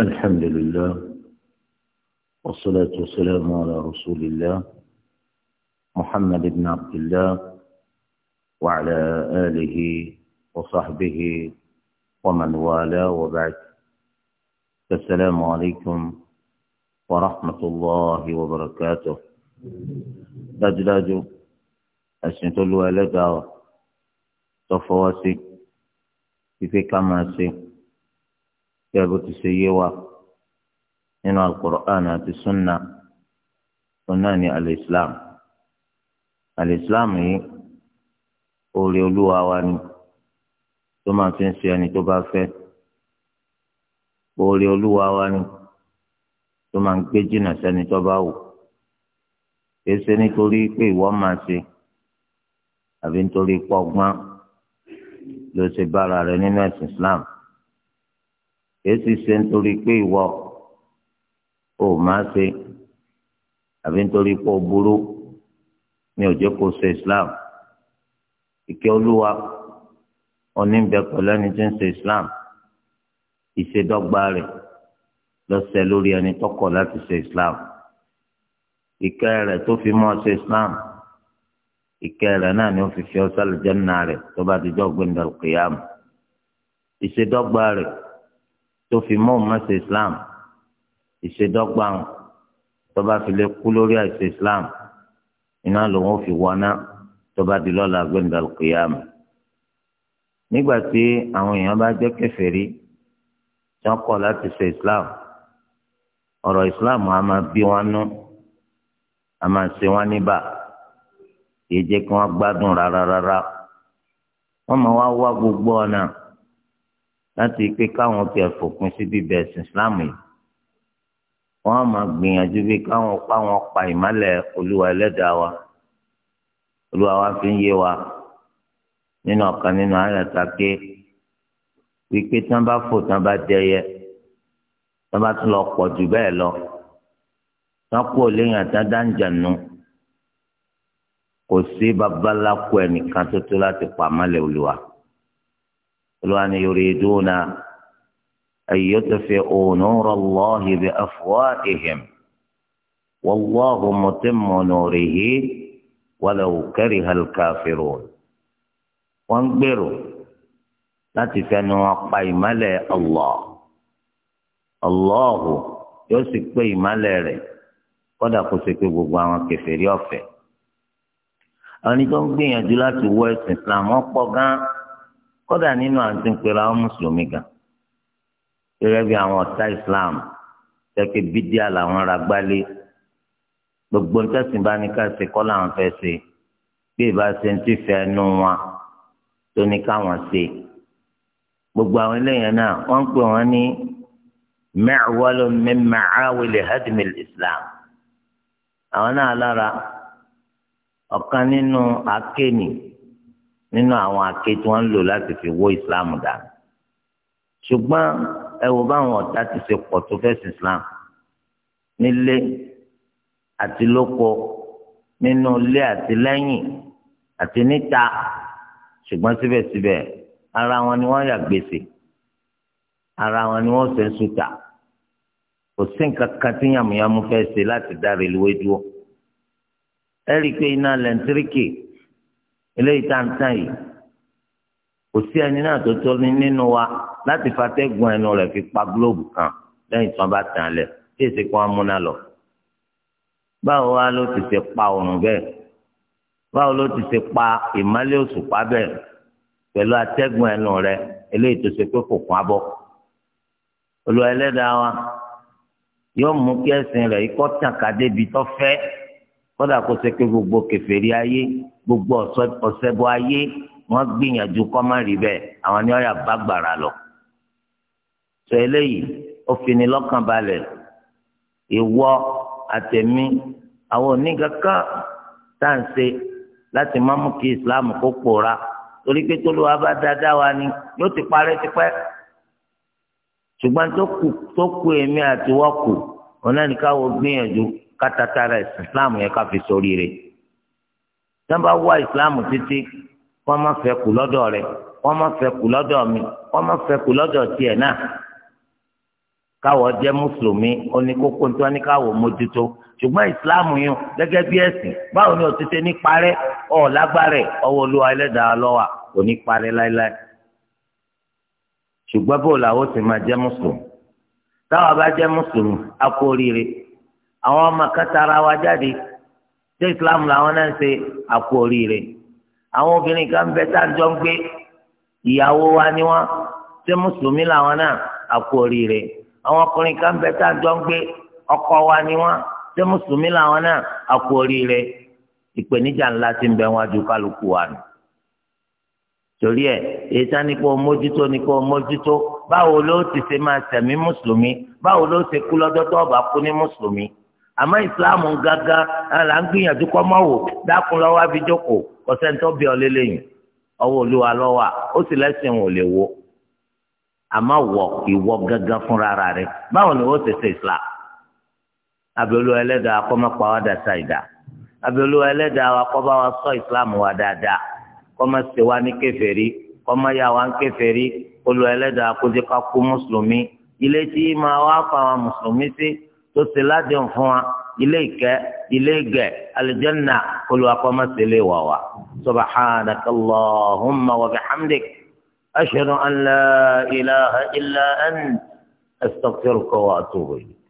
الحمد لله والصلاة والسلام على رسول الله محمد بن عبد الله وعلى آله وصحبه ومن والاه وبعد السلام عليكم ورحمة الله وبركاته dájúdájú ẹ̀sìn الوالدة lu في كماسي kí ẹ bó ti ṣe yé wa nínú alukur'an àti sunna sunna ni alislam alislam yìí oore olúwa wa ni tó máa fi ń ṣe ẹni tó bá fẹ́ oore olúwa wa ni tó máa ń gbé jìnnà sẹ́ni tó bá wù kìí ṣe nítorí pé ìwọ máa ṣe àbí nítorí pọ́gbọ́n ló ṣe bára rẹ nínú ẹ̀sìn islam kìí sì ṣe nítorí pé ìwọ ò máa se àbí nítorí pé ó burú ní òjò kò ṣe islam ìkẹ́ olúwa oníbẹ̀ pẹ̀lú ẹni tí ń ṣe islam ìṣèdọ́gba rẹ̀ lọ́sẹ̀ lórí ẹni tọkọ̀ láti ṣe islam ìkẹ́ rẹ̀ tó fi mọ́ ṣe islam ìkẹ́ rẹ̀ náà ni ó fi fi ọ́ sálẹ̀ jẹ́ nà tó bá ti jọ́ gbẹ̀ndẹ̀ kìyàmù ìṣèdọ́gba rẹ̀ tó fi mọ́ ọmọọ̀sẹ̀ islam ìṣèdọ́gba tó bá fi lè kú lórí àìsè islam iná lòun ò fi wọná tó bá di lọ́la gbẹ̀ndàlùkìyàmù nígbà tí àwọn èèyàn bá jẹ́ kèfèrí tí wọ́n kọ̀ láti ṣe islam ọ̀rọ̀ islam a máa bí wọn nú a máa ṣe wọn níbà kì í jẹ́ kí wọ́n gbádùn rárá rárá wọ́n máa wá wá gbogbo ọ̀nà láti pé káwọn tiẹ̀ fòpin sí bíbẹ̀ ẹ̀sìn islam yìí wọ́n á máa gbìyànjú bí káwọn páwọn pa ìmálẹ̀ olúwa ẹlẹ́dàá wa olúwa wa fi ń yé wa nínú ọ̀kan nínú àyàtà ké wípé tí wọ́n bá fò tí wọ́n bá dẹyẹ tí wọ́n bá tún lọ pọ̀ jù bẹ́ẹ̀ lọ tí wọ́n kú òléyìn àtàdá ń jànú kò sí babaláko ẹnìkan tó tó láti pa àmálẹ̀ olúwa olùwà ni yuriduna an yutfi'u nura Allahi bi afwahihim wallahu mutimmu nurihi walaw kariha al-kafirun wọ́n ń gbèrò láti fẹnu wọn pa ìmọ́lẹ̀ Allah Allahu yóò sì pé ìmọ́lẹ̀ rẹ̀ kódà kó ṣe pé gbogbo àwọn kèfèrí ọ̀fẹ́ àwọn ẹni tó ń gbìyànjú láti wọ ẹ̀sìn Islam wọ́n pọ̀ gan-an kódà nínú àti ń pera àwọn mùsùlùmí gan gẹ́gẹ́ bí àwọn ọ̀tá islam tẹ́kẹ́ bídíà làwọn ra gbálé gbogbo ń tẹ̀sìn bá ní ká ṣe kọ́ làwọn fẹ́ ṣe bí ìbá ṣe ń tìfẹ́ nú wọn tó ní káwọn ṣe gbogbo àwọn eléyàn náà wọ́n ń pè wọ́n ní mẹ́wàlú min hadmil islam àwọn náà lára ọ̀kan nínú akéènì nínú àwọn àké tí wọ́n ń lò láti fi wó islam dànù ṣùgbọ́n ẹ wò báwọn ọ̀tá ti ṣe pọ̀ tó fẹ́sìn islam nílé àti lóko nínú ilé àti lẹ́yìn àti níta ṣùgbọ́n síbẹ̀síbẹ̀ ara wọn ni wọ́n yà gbèsè ara wọn ni wọ́n ṣe ń sùtà kò sí nǹkan kan tí yàmùyàmù fẹ́ ṣe láti dá reluwé dúró ẹ rí i pé iná lẹ́ńtíríkì eléyìí tá à ń tàn yìí kò sí ẹni náà tó tó nínú wa láti fatẹ́gùn ẹnu rẹ̀ fi pa gílóòbù kan lẹ́yìn tí wọ́n bá tàn án lẹ̀ tí èsì kan á múná lọ. báwo wá ló ti ṣe pa òrùn bẹ́ẹ̀ báwo ló ti ṣe pa ìmọ́lẹ̀ òṣùpá bẹ́ẹ̀ pẹ̀lú atẹ́gùn ẹnu rẹ̀ eléyìí tó ṣe pé kò kún abọ́. olùwà ẹlẹ́dàá wa yóò mú kí ẹ̀sìn rẹ̀ ikọ́ tàn ká débi tó fẹ́ kódà kó ṣe pé gbogbo kèfèrí ayé gbogbo ọ̀ṣẹbọ ayé wọ́n gbìyànjú kó má rí bẹ́ẹ̀ àwọn ni ọ̀yà bá gbàrà lọ. sọ eléyìí ó fini lọ́kàn balẹ̀ ìwọ àtẹ̀mí àwọn oníkankan tá à ń ṣe láti má mú kí Islam kó pòórá torí pé tó ló wá bá dáadáa wa ni yóò ti parẹ́ tipẹ́ ṣùgbọ́n tó kù èmi àtiwọ́ kù ọ̀nà nìkan wo gbìyànjú Katatara ìsìláàmù yẹn ká fi ṣoríire sábà wá ìsìláàmù títí wọ́n má fẹ́ kù lọ́dọ̀ rẹ̀ wọ́n má fẹ́ kù lọ́dọ̀ mi wọ́n má fẹ́ kù lọ́dọ̀ tiẹ̀ náà káwọ jẹ́ mùsùlùmí oníkókó tí wọ́n ní káwọ mójútó ṣùgbọ́n ìsìláàmù yìí gẹ́gẹ́ bí ẹ̀sìn báwo ni òtítẹ ní parẹ́ ọ lágbára ọwọ́ olúwa ẹlẹ́dàá lọwà kò ní parẹ́ láéláé ṣùgbọ́n bó làwọn ti máa jẹ́ mùsùlùmí táwọn bá jẹ́ mùsùlùmí á àwọn ọmọ kátara wa jáde ṣé islam làwọn náà ń ṣe àpò oríire àwọn obìnrin kan bẹ tá à ń jọ ń gbé ìyàwó wa ni wọn ṣé mùsùlùmí làwọn náà àpò oríire àwọn ọkùnrin kan bẹ tá à ń jọ ń gbé ọkọ wa ni wọn ṣé mùsùlùmí làwọn náà àpò oríire ìpèníjà ńlá ti ń bẹ wọn ju kálukú wa nù torí ẹ èyí tá ní kó o mójútó ní kó o mójútó báwo ló ti ṣe máa tẹ̀mí mùsùlùmí báwo ló ṣe kú lọ́jọ́ tó o kú ní mùsùlùmí àmọ́ ìsìláàmù gángan là ń gbìyànjú kọ́ mọ́ wò dákun lọ́wọ́ abidjoko kọ́sẹ́ńtọ́ bí ọ lélẹ́yìn ọwọ́ olúwa lọ́wọ́ ó sì lẹ́sìn ò lè wo àmọ́ wọ ìwọ gángan fúnra rẹ̀ báwo ni wọ́n ṣẹṣẹ ìsìlá abiolu ẹlẹ́dàá akọ́mọ́pá wa dàtà ìdá abiolu ẹlẹ́dàá wa kọ́ bá wa sọ ìsìláàmù wa dáadáa kọ́mọ́ ṣe wa ní kèfèrí kọ́mọ́ yà wa ń kèfèrí olú ẹlẹ́dàá kó kú mùsùlùmí ilé tí máa wá fa àwọn mùsùlùmí sí tó ṣe ládéhùn fún wa ilé ìkẹ́ ilé ìgẹ̀ alìjẹ́nà olùwàkọ́mọ́sẹ̀lẹ̀ wà wá. subhanaka allahumma wa bihamdik ashhadu an la ilaha illa ant astaghfiruka wa atubu